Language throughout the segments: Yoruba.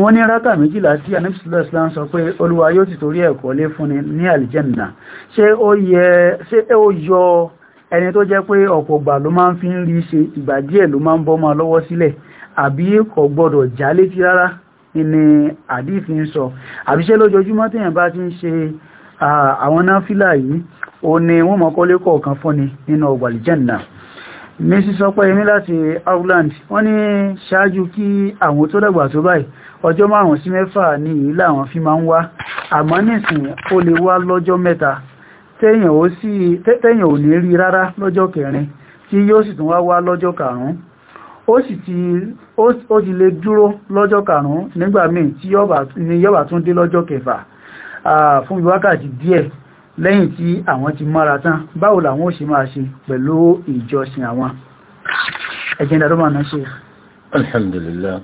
wọ́n ní rákà méjìlá tí anìsílẹ̀ islam sọ pé olúwa yóò ti torí ẹ̀kọ́ lé fúnni ní àlìjẹ́nà ṣé ó yọ ẹni tó jẹ́ pé ọ̀pọ̀ gbà ló máa ń fi ń rí ṣe ìgbà díẹ̀ ló máa ń bọ́ máa lọ́wọ́ sílẹ̀ àbí kò gbọ́dọ̀ já létí rárá ni àdífi ń sọ àbí ṣé lójoojúmọ́ téèyàn bá ti ń ṣe àwọn náfìlà yìí ó ní wọ́n mọ̀kọ́lé kọ̀ọ̀kan fúnni nínú ọgbà àlìjẹ́nà mẹ́sí sọ pé èmi láti Auckland wọ́n ní ṣáájú kí àwọn tó dàgbà tó báyìí ọjọ́ márùn-ún sí mẹ́fà ní ìlà àwọn fi máa ń wá àmọ́ nìsìn ó lè wá lọ́jọ́ mẹ́ta tẹ́yàn ò ní rí rárá lọ́jọ́ kẹrin tí yóò sì tún wá wá lọ́jọ́ karùn ó ti lè dúró lọ́jọ́ karùn-ún tí yọ́bà tún dé lọ́jọ́ kẹfà fún wákàtí díẹ̀ lẹ́yìn tí àwọn ti mára tán báwo làwọn ò ṣe máa ṣe pẹ̀lú ìjọsìn àwọn ẹjẹ́ndà tó máa náà ṣe alhamdulillah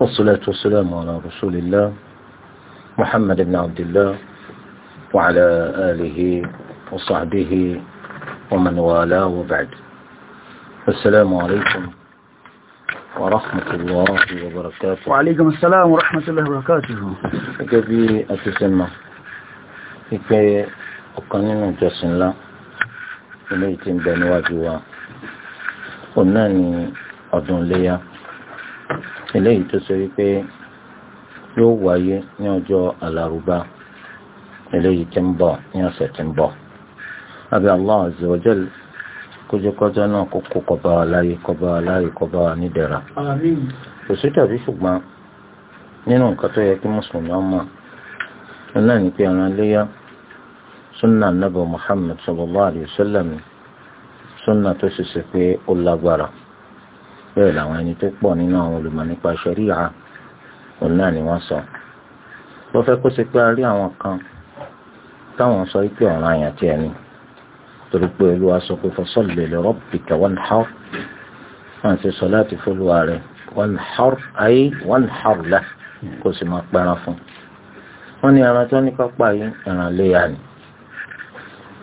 wassalatu wassalamu ala rasulillah muhammad ibn abdullah wa wípé ọ̀kan nínú ìjọsìn ńlá eléyìí tí ń bẹ níwájú wa òun náà ni ọdún iléyà eléyìí tó ṣe wípé yóò wáyé ní ọjọ́ alárúbá eléyìí tí ń bọ̀ ní ọ̀sẹ̀ tí ń bọ̀ àbí Allah azza wa jal kójókọ́jọ́ náà kókó kọba wa láyé kọba wa láyé kọba wa nídẹ̀ra kò tàbí ṣùgbọ́n nínú nǹkan tó yẹ kí mùsùlùmí ọmọ náà ní pé ẹran iléyà sunna nabi muhammed sallallahu alayhi wa sallam sunna tó ṣiṣẹ́ pé ó lágbára bẹ́ẹ̀ làwọn ẹni tó pọ̀ nínú àwọn olùmọ̀ nípa ṣẹ̀ríà òun náà ni wọ́n sọ ló fẹ́ kó ṣe pé a rí àwọn kan táwọn sọ pé ọ̀ràn àyàn tí ẹni torí pé olúwa sọ pé fasalli li rabbika wanhar wọ́n ti sọ láti fọlúwa rẹ̀ wanhar ayé wanhar la kó sì máa pẹ́ran fún un wọ́n ẹran tó ní kápá ẹran léyà ni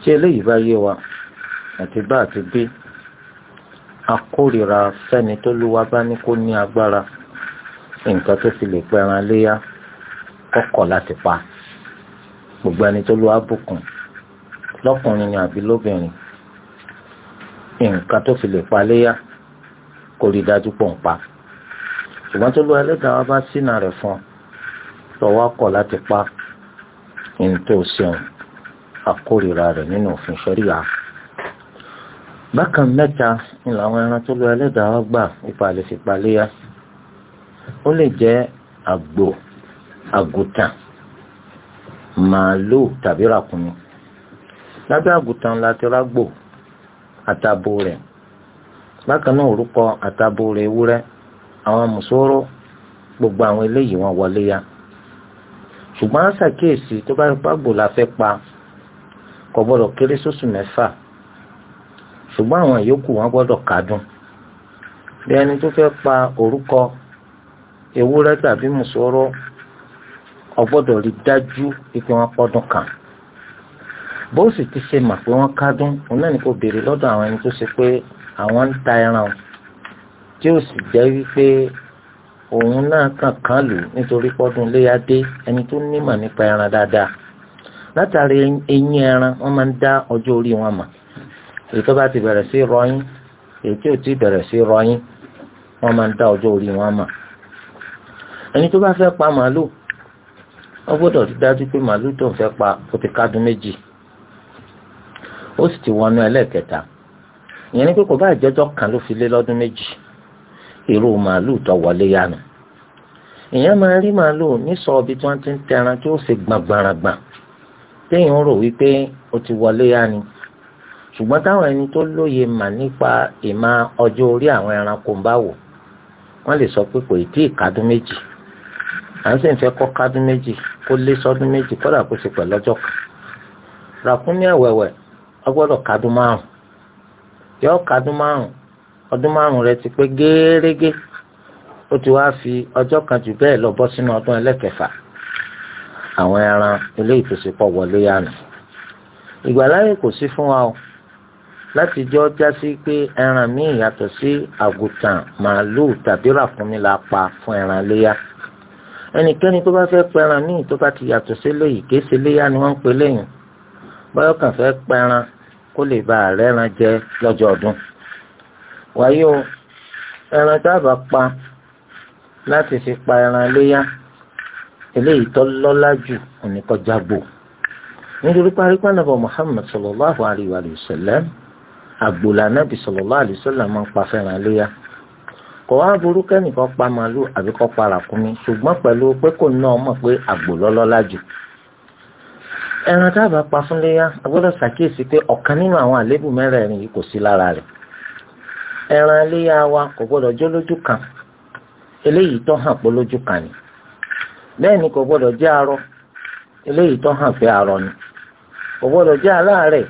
tí eléyìí bá yé wa àti bá àti bí akórira fẹ́ni tó lúwa bá ní kó ní agbára nǹkan tó fi lè pẹran léyà kọ́kọ́ láti pa gbogbo ẹni tó lúwa bùkún lọ́kùnrin ni àbí lóbìnrin nǹkan tó fi lè pa léyà kó rí dájú pọ̀ ń pa ṣùgbọ́n tó lúwa ẹlẹ́dàá wa bá sínà rẹ̀ fún ọ lọ́wọ́ kọ̀ láti pa ní tó ṣeun àkórìíra rẹ̀ nínú òfin ṣẹ́ríà bákan mẹ́ta ni làwọn ẹran tó lọ ẹlẹ́dàá wá gbà ipa lè fi paléyà ó lè jẹ́ àgbò àgùtàn màálù tàbí ràkúnmí lábẹ́ àgùtàn láti rágbò àtàbò rẹ̀ bákan náà orúkọ àtàbò rẹ̀ ewúrẹ́ àwọn mùsòrò gbogbo àwọn eléyìí wọn wọlé ya ṣùgbọ́n ṣàkíyèsí tó bá rí la fẹ́ pa kò gbọ́dọ̀ kéré sóṣù mẹ́fà ṣùgbọ́n àwọn ìyókù wọn gbọ́dọ̀ kádùn bí ẹni tó fẹ́ pa orúkọ ewúrẹ́ tàbí mùsọ̀rọ̀ ọgbọ́dọ̀ rí dájú pé wọ́n pọ́dún kan bó sì ti ṣe mà pé wọ́n kádùn òun náà ni kò béèrè lọ́dọ̀ àwọn ẹni tó ṣe pé àwọn ń ta ẹran tí ó sì jẹ́ wípé òun náà kàn kán lù nítorí pọ́dún léyà ẹni tó nímọ̀ nípa ẹran dáadáa. látàrí eyín ẹran wọ́n máa ń dá ọjọ́ orí wọn mà èyí tó bá ti bẹ̀rẹ̀ sí rọyìn èyí tí ò ti bẹ̀rẹ̀ sí rọyìn wọ́n máa ń dá ọjọ́ orí wọn mà ẹni tó bá fẹ́ pa màálù wọ́n gbọ́dọ̀ ti dájú pé màálù tó ń fẹ́ pa ó ti kádùn méjì ó sì ti wọnú ẹlẹ́ẹ̀kẹta ìyẹn ni pé kò bá ìjẹ́jọ́ kan ló fi lé lọ́dún méjì irú màálù tó wọlé yánu ìyẹn máa rí màálù ní sọ ibi tí wọ́n ti ń tẹran tí ó sì gbọ̀ngbọ̀nràngbọ̀n téèyàn rò wípé o ti wọlé yá ni ṣùgbọ́n táwọn ẹni tó lóye mà nípa ìmọ̀ ọjọ́ orí àwọn ẹranko ń bá wò wọ́n lè sọ pé kò ì tí ì méjì à ń sì ń fẹ́ kọ́ méjì kó lé sọ́dún méjì kódà kó ṣe pẹ̀lú ọjọ́ kan ẹ̀wẹ̀wẹ̀ márùn yọ márùn ọdún márùn rẹ ti pé gẹ́ẹ́rẹ́gẹ́ o ti wá fi ọjọ́ kan jù bẹ́ẹ̀ lọ bọ́ sínú ọdún àwọn ẹran ilé ìtòsípọ̀ wọlé yànnà ìgbàláyè kò sí fún wa o láti jọ jásí pé ẹran míì yàtọ̀ sí àgùntàn màálùú tàbí ràfúnmi la pa fún ẹran léyà ẹnikẹ́ni tó bá fẹ́ pẹran míì tó bá ti yàtọ̀ sí léyìí kìí ṣe léyà ni wọ́n ń pè léyìn báyọ̀ kàn fẹ́ pẹran kó lè ba àrẹ́ran jẹ lọ́jọ́ ọdún wáyé o ẹran tá a bá pa láti fi pa ẹran léyà. eléyìí tó lọ́lá jù oníkọjá nítorí parípa nàbọ mohamed sallallahu alayhi wa sallam nàbì sallallahu alayhi máa ń pa fẹ́ràn léyà kò wá burú kẹ́nìkan pa màálù àbí kọ́ pa ràkúnmí ṣùgbọ́n pẹ̀lú pé kò ẹran a pa fún léyà a ṣàkíyèsí pé ọ̀kan nínú àwọn mẹ́rẹ̀ẹ̀rin wa kò gbọ́dọ̀ jó lójú kan eléyìí tó bẹ́ẹ̀ ni kò gbọ́dọ̀ jẹ́ arọ eléyìí tó hàn pé arọ ni kò gbọ́dọ̀ jẹ́ aláàárẹ̀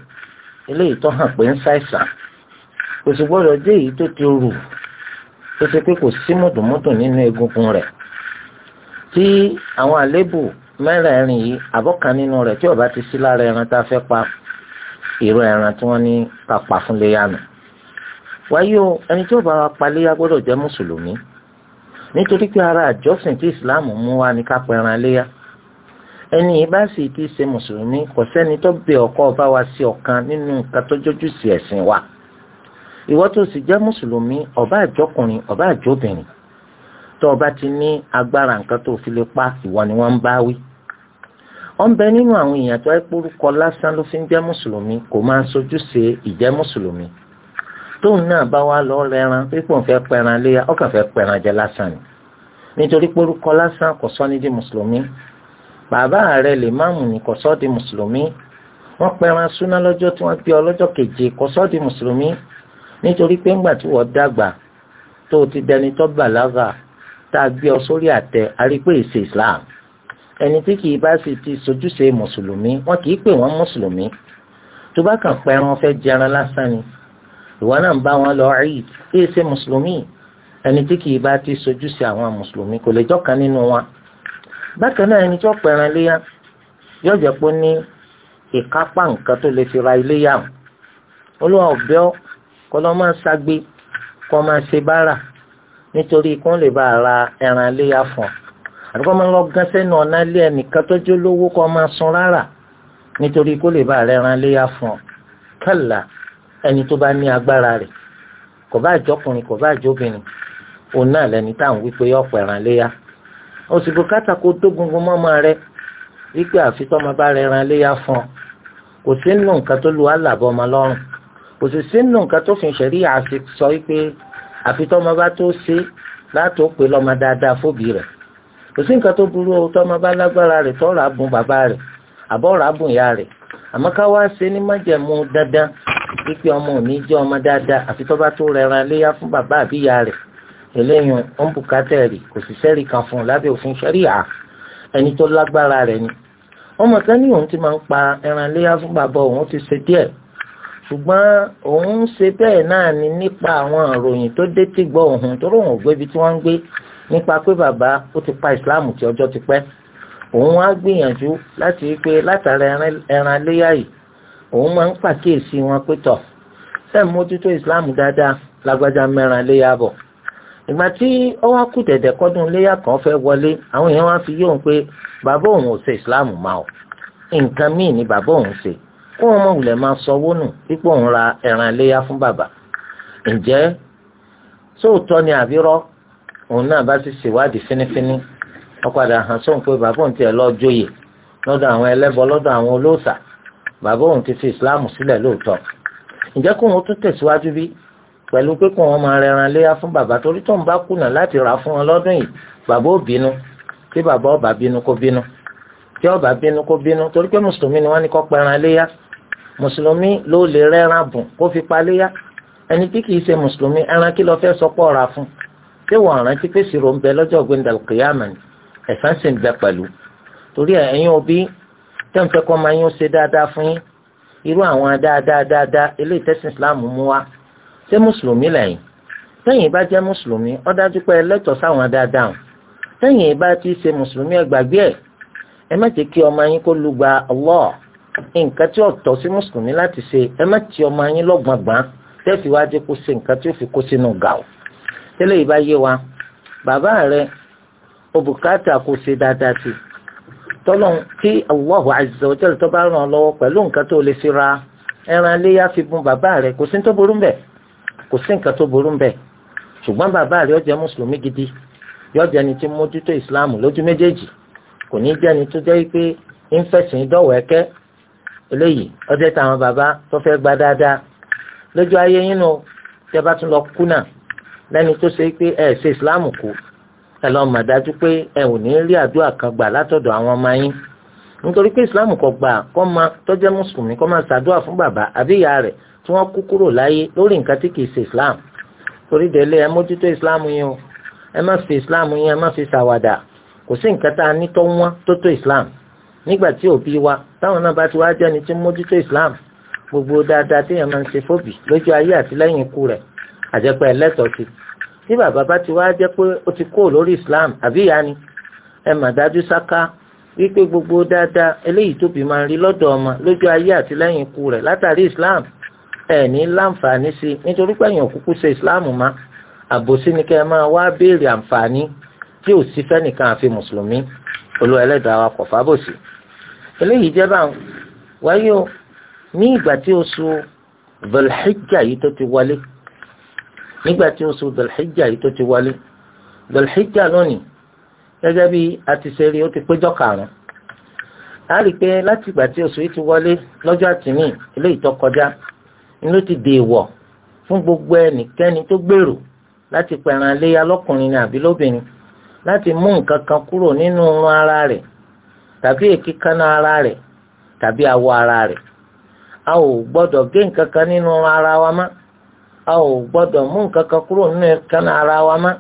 eléyìí tó hàn pé ń ṣàìsàn kò sì gbọ́dọ̀ jẹ́ èyí tó ti rù tó ṣe pé kò sí mùtùmùtù nínú egungun rẹ̀ tí àwọn àlébù mẹ́rẹ̀ẹ̀rin yìí àbọ̀kan nínú rẹ̀ tí ó bá ti sí lára ẹran tá a fẹ́ pa ìró ẹran tí wọ́n ní ká pa fún léyà wáyé o ẹni tí ó wa pa léyà gbọ́dọ̀ jẹ́ mùsùlùmí nítorí pé ara àjọsìn tí islam mú wá ní kápẹ́ ẹran léyà ẹni yìí sì ti ṣe mùsùlùmí kò sẹ́ni tó bẹ ọkọ bá wa sí ọ̀kan nínú nǹkan tó jọjú sí ẹ̀sìn wa ìwọ tó sì jẹ́ mùsùlùmí ọba àjọkùnrin ọba àjọbìnrin tó ọba ti ní agbára nǹkan tó fi lè pa ìwọ ni wọ́n ń bá wí ó ń bẹ nínú àwọn èèyàn tó ẹ pórúkọ lásán ló fi ń jẹ́ mùsùlùmí kò máa ń sojú ṣe ìjẹ́ mùsùlùmí tóun náà bá wá lọ rẹran pípò ń fẹ́ pẹran léyà ọkàn fẹ́ pẹran jẹ lásán ni nítorí porúkọ lásán kò sọ ní di mùsùlùmí bàbá rẹ lè máàmù ní kò sọ di mùsùlùmí wọ́n pẹran súná lọ́jọ́ tí wọ́n gbé ọ lọ́jọ́ keje kò sọ di mùsùlùmí nítorí pé ńgbà tí wọ́n dàgbà tó o ti dẹni tó bàlágà tá a gbé ọ sórí àtẹ arípé ìṣe Islam ẹni tí kì í bá sì ti sojúṣe mùsùlùmí wọ́n kì í pè wọ́n mùsùlùmí tó bá kàn pẹran fẹ́ jẹran lásán ni ìwọ náà ń bá wọn lọ Eid kí ṣe mùsùlùmí ẹni tí kì í bá ti sojú sí àwọn mùsùlùmí kò lè jọ́kan nínú wọn bákan náà ẹni tó pẹ̀ràn léyà yóò jẹ́ pé ó ní ìkápá nǹkan tó lè fi ra iléyà hàn olúwa ọ̀bẹ ọ kọ́ lọ́ máa ṣagbe kọ́ máa ṣe bára nítorí kó lè bá ra ẹran iléyà fún ọ àdúgbò máa lọ gán sẹ́nu ọ̀nà ilé ẹnìkan tó jólówó kọ́ máa sun rárá nítorí kó lè bá ra ẹran iléyà fún ọ kálá ẹni tó bá ní agbára rẹ̀ kò bá jọkùnrin kò bá jóbìnrin òun náà lẹni táwọn wípé yọ pẹ̀ràn léyà oṣù bùkátà kó tó gungun mọ́mọ́ rẹ wípé àfi tọ́mọ bá rẹ ran léyà fún ọ kò sí nù nǹkan tó lu àlàbọ̀ ọmọ lọ́rùn kò sì sí nù nǹkan tó fi ṣẹ̀rí àti sọ wípé àfi tọ́mọ bá tó ṣe látò pé lọ́mọ dáadáa fóbi rẹ̀ kò sí nǹkan tó burú o tọ́mọ bá lágbára rẹ̀ tọ́ra bùn bàbá rẹ̀ àbọ̀ra bùn ìyá rẹ̀ àmọ́ ká ṣe ní májẹ̀mú dandan pípé ọmọ ò ní jẹ́ ọmọ dáadáa àfi tó bá tó rẹran léyà fún bàbá àbíyá rẹ̀ eléyìn ó ń bùkátà rí kò sì sẹ́rí kan fún un lábẹ́ òfin ṣẹ́ríà ẹni tó lágbára rẹ̀ ni ọmọ kan ní òun ti máa ń pa ẹran léyà fún bàbá òun ti ṣe díẹ̀ ṣùgbọ́n òun ń ṣe bẹ́ẹ̀ náà ni nípa àwọn ìròyìn tó dé tí gbọ́ òun tó rò wọ́n gbé ibi tí wọ́n ń gbé nípa pé bàbá ó ti pa ìsìláàmù tí ọjọ́ ti pẹ́ òun wá gbìyànjú láti rí pé látara ẹran léyà yìí òun máa ń pàkíyèsí wọn pé tọ̀ ṣe mójútó islam dáadáa lágbájá mẹ́ran léyà bọ̀ ìgbà tí ó wá kù dẹ̀dẹ̀ kọ́dún léyà kan fẹ́ wọlé àwọn èèyàn wá fi yóò pé bàbá òun ò ṣe islam máa ọ̀ nǹkan míì ni bàbá òun ṣe kó wọn mọ̀ wùlẹ̀ máa sọwọ́ nù pípò òun ra ẹran léyà fún bàbá ǹjẹ́ sóòótọ́ ni àbírọ́ òun náà bá ti ṣèwádìí fínífíní ó padà hàn sóhun pé bàbá òun tiẹ̀ lọ́ọ́ jóyè lọ́dọ̀ àwọn ẹlẹ́bọ lọ́dọ̀ àwọn olóòṣà bàbá òun ti fi islam sílẹ̀ lóòótọ́ ǹjẹ́ kó wọn tún tẹ̀síwájú bí pẹ̀lú pé kó wọn máa rẹran léyà fún bàbá torí tóun bá kùnà láti rà fún wọn lọ́dún yìí bàbá ò bínú tí bàbá ọba bínú kó bínú tí ọba bínú kó bínú torí pé mùsùlùmí ni wọ́n ní kó pẹran léyà mùsùlùmí ló lè rẹran bùn kó fi pa léyà ẹni tí kìí ṣe mùsùlùmí ẹran kí lọ fẹ́ sọpọ̀ ọ̀ra fún tí wọ́n rántí pé sírò ń lọ́jọ́ gbẹ̀ndàlùkìyàmẹ̀ ẹ̀sán sì ń bẹ pẹ̀lú torí ẹ̀yin òbí tẹ́ ń fẹ́ kọ́ máa yún ṣe dáadáa fún yín irú àwọn dáadáa dáadáa eléyìí tẹ́sìn Islam mú wá ṣé mùsùlùmí lẹ́yìn tẹ́yìn bá jẹ́ mùsùlùmí ó dájú pé ẹlẹ́tọ̀ọ́ sáwọn dáadáa tẹ́yìn bá ti ṣe mùsùlùmí ẹ ẹ̀ ẹ má jẹ́ kí ọmọ yín kó lùgbà Allah nǹkan tí ó tọ́ sí mùsùlùmí láti ṣe ẹ má ti ọmọ yín lọ́gbọ̀ngbọ̀n tẹ́sí wá jẹ́ kó ṣe nǹkan tí ó fi kó sínú gàù tẹ́lẹ̀ yìí bá yé wa bàbá rẹ ó bùkátà ṣe dáadáa sí tọ́lọ́n tí Allahu azza wa jalla tó bá ràn ọ́ lọ́wọ́ pẹ̀lú nǹkan tó lè fi ra ẹran iléyá fi bùn bàbá rẹ̀ kò sí tó burú mbẹ̀ kò sí nǹkan tó burú mbẹ̀ ṣùgbọ́n bàbá rẹ̀ ó jẹ́ mùsùlùmí gidi yóò jẹ́ ni tí mójútó ìsìláàmù lójú méjèèjì kò ní jẹ́ ni tó jẹ́ pé ń fẹ̀sìn ẹ̀kẹ́ eléyìí ọjọ́ táwọn bàbá tó fẹ́ gba dáadáa lójú ayé yín nù tẹ́ bá tún lọ kú náà lẹ́ni tó ṣe pé ẹ̀ ṣe ìsìláàmù kù ẹ lọ mà dájú pé ẹ ò ní rí àdúrà kan gbà látọ̀dọ̀ àwọn ọmọ yín nítorí pé islam kò gbà kó máa tọ́jẹ́ mùsùlùmí kó máa ṣàdúrà fún bàbá àbí ìyá rẹ̀ tí wọ́n kú kúrò láyé lórí nǹkan tí kìí ṣe islam torí délé ẹ mójútó islam yín o ẹ má fi islam yín ẹ má fi ṣàwàdà kò sí nǹkan tá a ní tó wọ́n tó tó islam nígbà tí òbí wa táwọn náà bá ti wá jẹ́ni tí mójútó islam gbogbo dáadáa tí èèyàn máa ń ṣe fóbì lójú ayé àti ikú rẹ̀ àjẹpẹ́ ẹlẹ́tọ̀ọ́ tí bàbá bá ti wá jẹ́ pé ó ti kó lórí Islam àbí ìyá ni ẹ mà dájú sáká wípé gbogbo dáadáa eléyìí tóbi máa ń rí lọ́dọ̀ ọmọ lójú ayé àti lẹ́yìn ikú rẹ̀ látàrí Islam ẹ̀ ní láǹfààní sí nítorí pé èèyàn kúkú ṣe Islam má àbòsí ni kẹ́ ẹ máa wá béèrè àǹfààní tí ò sí fẹ́nìkan àfi mùsùlùmí olúwa ẹlẹ́dàá wa kọ̀ fábòsí. eléyìí jẹ́ bá wáyé o ní ìgbà tí oṣù Dhul Hijjah yìí tó ti wọlé nígbà tí oṣù dàlhíjà yìí tó ti wálé dàlhíjà lónìí gẹ́gẹ́ bí a ti ṣe rí ó ti péjọ karùn-ún a rí i pé láti ìgbà tí oṣù yìí ti wọlé lọ́jọ́ àtìní ilé ìtọ́kọjá ni ti dèèwọ̀ fún gbogbo ẹnikẹ́ni tó gbèrò láti pẹ̀ràn léyà lọ́kùnrin ni àbí lóbìnrin láti mú nǹkan kan kúrò nínú irun ara rẹ̀ tàbí èkíkanná ara rẹ̀ tàbí awọ ara rẹ̀ a ò gbọ́dọ̀ gé nǹkan kan nínú ara wa mọ́ a ò gbọ́dọ̀ mú nǹkan kan kúrò nínú ara wa má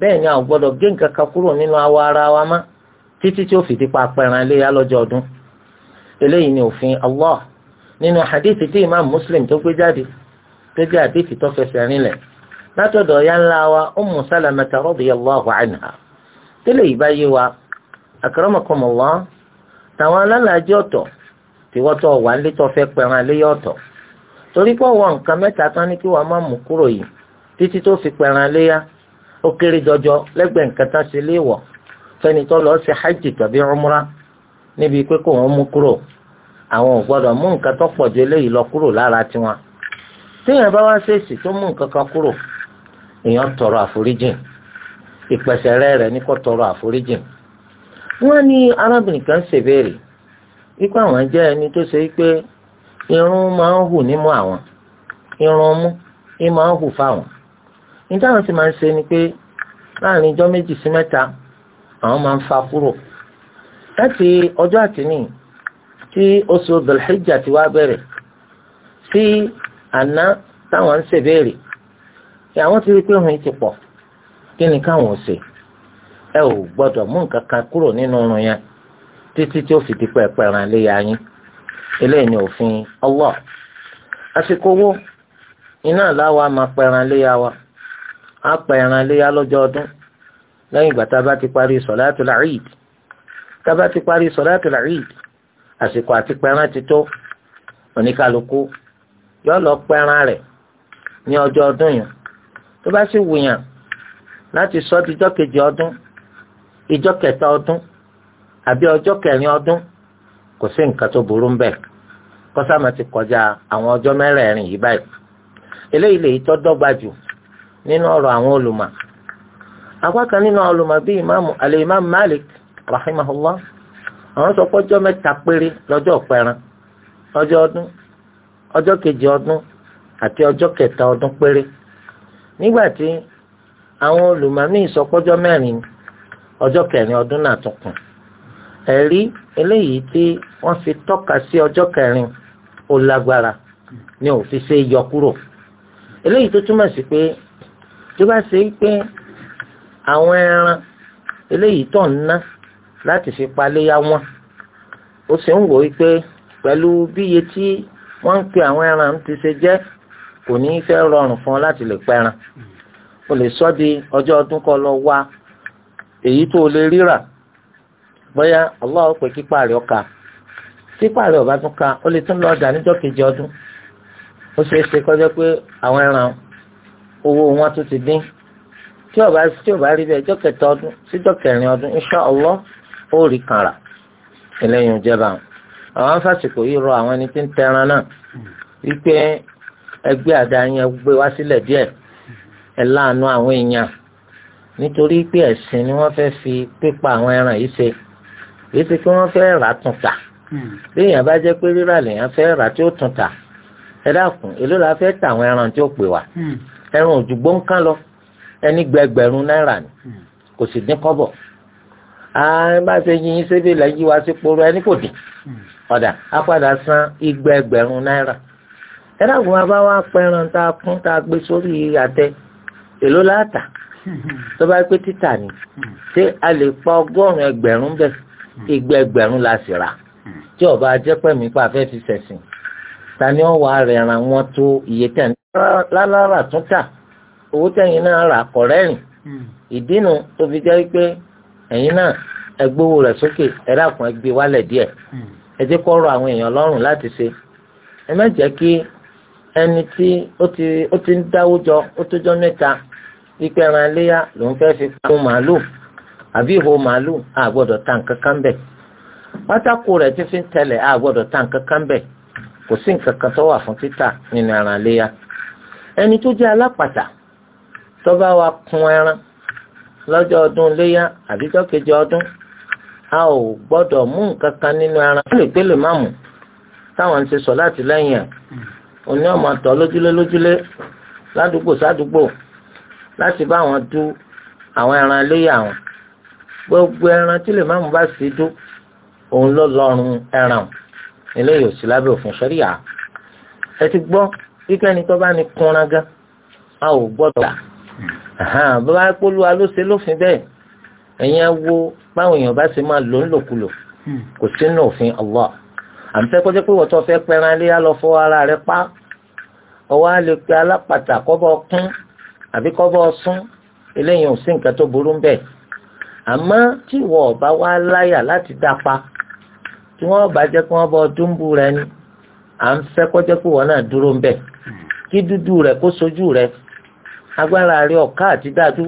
bẹ́ẹ̀ ni a ò gbọ́dọ̀ gé nǹkan kan kúrò nínú awọ ara wa má títí tí ó fi ti pa apẹran iléyà lọ́jọ́ ọdún eléyìí ni òfin Allah nínú hadith tí imam muslim tó gbé jáde tó jẹ́ hadith tó fẹsẹ̀ rinlẹ̀ ya ńlá wa ummu salamata radiyallahu anha tẹ́lẹ̀ wa akramakumullah tàwọn alálàájẹ́ ọ̀tọ̀ tí wọ́n tọ́ wà ń fẹ́ torí pé wọ nǹkan mẹ́ta tán ní kí wọ́n má mú kúrò yìí títí tó fi pẹ̀ràn léyà ó kéré jọjọ lẹ́gbẹ̀ẹ́ nǹkan tán ṣe léèwọ̀ fẹ́ni tó lọ ṣe hajj tàbí umra níbi pé kò wọ́n mú kúrò àwọn ò gbọ́dọ̀ mú nǹkan tó pọ̀ ju eléyìí lọ kúrò lára tiwọn téèyàn bá wá ṣèèṣì tó mú nǹkan kan kúrò èèyàn tọrọ àforíjìn ìpẹ̀sẹ̀ rẹ̀ rẹ̀ ní kò tọrọ àforíjìn wọ́n ní arábìnrin kan ṣèbéèrè wípé àwọn jẹ́ ẹni tó ṣe wípé irun máa ń hù nímú àwọn irun mú ní máa ń hù fáwọn nítawọn sì máa ń ṣe ni pé láàrin ijọ́ méjì sí mẹta àwọn máa ń fa kúrò láti ọjọ́ àtìní tí oṣù Dhul-Hijjah ti wá bẹ̀rẹ̀ sí àná táwọn ń ṣèbéèrè àwọn ti rí pé òun ti kí ni káwọn ò ṣe ẹ ò mú nǹkan kan kúrò nínú oorun yẹn títí tí ó fi di yín. eléyìí ni òfin Allah àsìkò owó iná láwa máa pẹran léyà wa á pẹran léyà lọ́jọ́ ọdún lẹ́yìn ìgbà tá a bá ti parí sọ̀láàtùl Eid tá a bá ti parí sọ̀láàtùl Eid àsìkò àti pẹran ti tó oníkálukú yóò lọ pẹran rẹ̀ ní ọjọ́ ọdún yẹn tó bá sì wùyàn láti sọ di ijọ́ kejì ọdún ijọ́ kẹta ọdún àbí ọjọ́ kẹrin ọdún kò sí nǹkan tó burú ń bẹ̀ kọ́sàmà ti kọjá àwọn ọjọ́ mẹ́rẹ̀ẹ̀rin yìí báyìí eléyìí lè tọ́ dọ́gba jù nínú ọ̀rọ̀ àwọn olùmọ̀ apá kan nínú olùmọ̀ bíi alẹ́ Malik rahimahullah àwọn sọ pé ọjọ́ mẹ́ta péré lọ́jọ́ ọjọ́ ọdún ọjọ́ kejì ọdún àti ọjọ́ kẹta ọdún péré nígbà tí àwọn olùmọ̀ míì sọ pé ọjọ́ mẹ́rin ọjọ́ ẹ̀rí eléyìí tí wọ́n fi tọ́ka sí ọjọ́ kẹrin ó lágbára ni ò fi ṣe yọ kúrò eléyìí tó túmọ̀ sí pé tó bá ṣe pé àwọn ẹran eléyìí tó ń ná láti fi paléyà wọn ó sì ń wò wípé pẹ̀lú bí iye tí wọ́n ń pe àwọn ẹran ti ṣe jẹ́ kò ní í fẹ́ rọrùn fún ọ láti lè pẹran o lè sọ di ọjọ́ ọdún kó lọ wá èyí tó o lè ríra bóyá ọlọọpụ pé kípa rẹ̀ ọkà kípa rẹ̀ ọba tún ka ó lè tún lọ dà níjọ́ kejì ọdún ó ṣe kọjá àwọn ẹran owó wọn tún ti dín tí ọba tí ọba rí bẹ́ẹ̀ ọdụ ọdún síjọ́ kẹrin ọdún ó rí kàrà ẹlẹ́yin àwọn yìí rọ àwọn ẹni tí ń náà wípé ẹgbẹ́ àdá yẹn gbé wá sílẹ̀ ni wọ́n fẹ́ fi pípa àwọn ẹran yìí ṣe kì í ṣe pé wọ́n fẹ́ rà tún tà hmm. bí èèyàn bá jẹ́ pé rírà lèèyàn fẹ́ rà tí ó tún tà ẹ dákun èló la fẹ́ tà àwọn ẹran tí ó pè wá hmm. ẹran òjùgbó ń lọ ẹni gbẹgbẹ̀rún náírà ni hmm. kò sì dín kọ́bọ̀ àwọn bá ṣe yin ṣébè lẹ́yìn wá sí poro ẹni kò dín ọ̀dà á padà san igbẹgbẹ̀rún náírà ẹ dákun wa bá wá pẹran tá a kún tá a gbé sórí àtẹ èló la tà tó bá pé títà ni ṣé a lè pa ọgọ́rùn-ún ẹgbẹ̀rún bẹ́ẹ̀ ìgbẹ́gbẹ̀rún hmm. la sì rà hmm. tí ọba jẹ́pẹ̀mí pa fẹ́ fi ṣẹ̀sìn tani ó wà rẹ̀ ra wọn tó iye tẹ̀yìn lálára tún tà owó tẹ̀yìn náà rà kọ̀rẹ́rìn hmm. ìdínú tó fi jẹ́ pé ẹ̀yin náà ẹ gbowó rẹ̀ sókè ẹ dákun ẹ gbé wálẹ̀ díẹ̀ ẹ jẹ́ kó rọ àwọn èèyàn lọ́rùn láti ṣe ẹ má jẹ́ kí ẹni tí ó ti ń dáwó jọ ó tó jọ mẹ́ta wípé ẹran iléyà lòún fẹ́ fi pa òun màálù àbí ihò màálù a gbọ́dọ̀ ta nǹkan kan bẹ̀ pátákó rẹ̀ tí fi ń tẹ̀lẹ̀ a gbọ́dọ̀ ta nǹkan kan bẹ̀ kò sí nǹkan kan tó wà fún títà nínú ẹran léyà ẹni tó jẹ́ alápàtà tó bá wa kun ẹran lọ́jọ́ ọdún léyà àbíjọ́ kejì ọdún a ò gbọ́dọ̀ mú nǹkan kan nínú ẹran ó lè pélé má mú táwọn ti sọ láti lẹ́yìn ẹ̀ òní ọmọ tọ́ lójúlé lójúlé ládùúgbò sádùúgbò láti bá wọn du àwọn ẹran léyà wọn gbogbo ẹran tí lè má mú bá sí dó òun ló lọ́rùn ẹran eléyìí ò sí lábẹ́ òfin ṣẹ́ríà ẹ ti gbọ́ kíkẹ́ ni tó bá ní kúnra gan a ò gbọ́dọ̀ gbà bó bá polúwa ló ṣe lófin bẹ́ẹ̀ ẹ̀yin á wo báwọn èèyàn bá ṣe máa lò ń lòkulò hmm. kò sínú òfin Allah àǹfẹ́ kó jẹ́ pé wọ́n tó fẹ́ pẹran lé á lọ fọ́ ara rẹ pa ọwọ́ á lè pe alápàtà kọ́ bọ́ kún àbí kọ́ bọ́ sún eléyìí ò sí nǹkan tó burú bẹ́ẹ̀ àmọ́ tí ìwọ ọba wá láyà láti dápa tí wọ́n bá jẹ́ kí wọ́n bọ dúnbù rẹ ni à ń fẹ́ kọjá pé wọ́n náà dúró ń bẹ̀ kí dúdú rẹ kó sojú rẹ agbára rẹ ọ̀ká àti dájú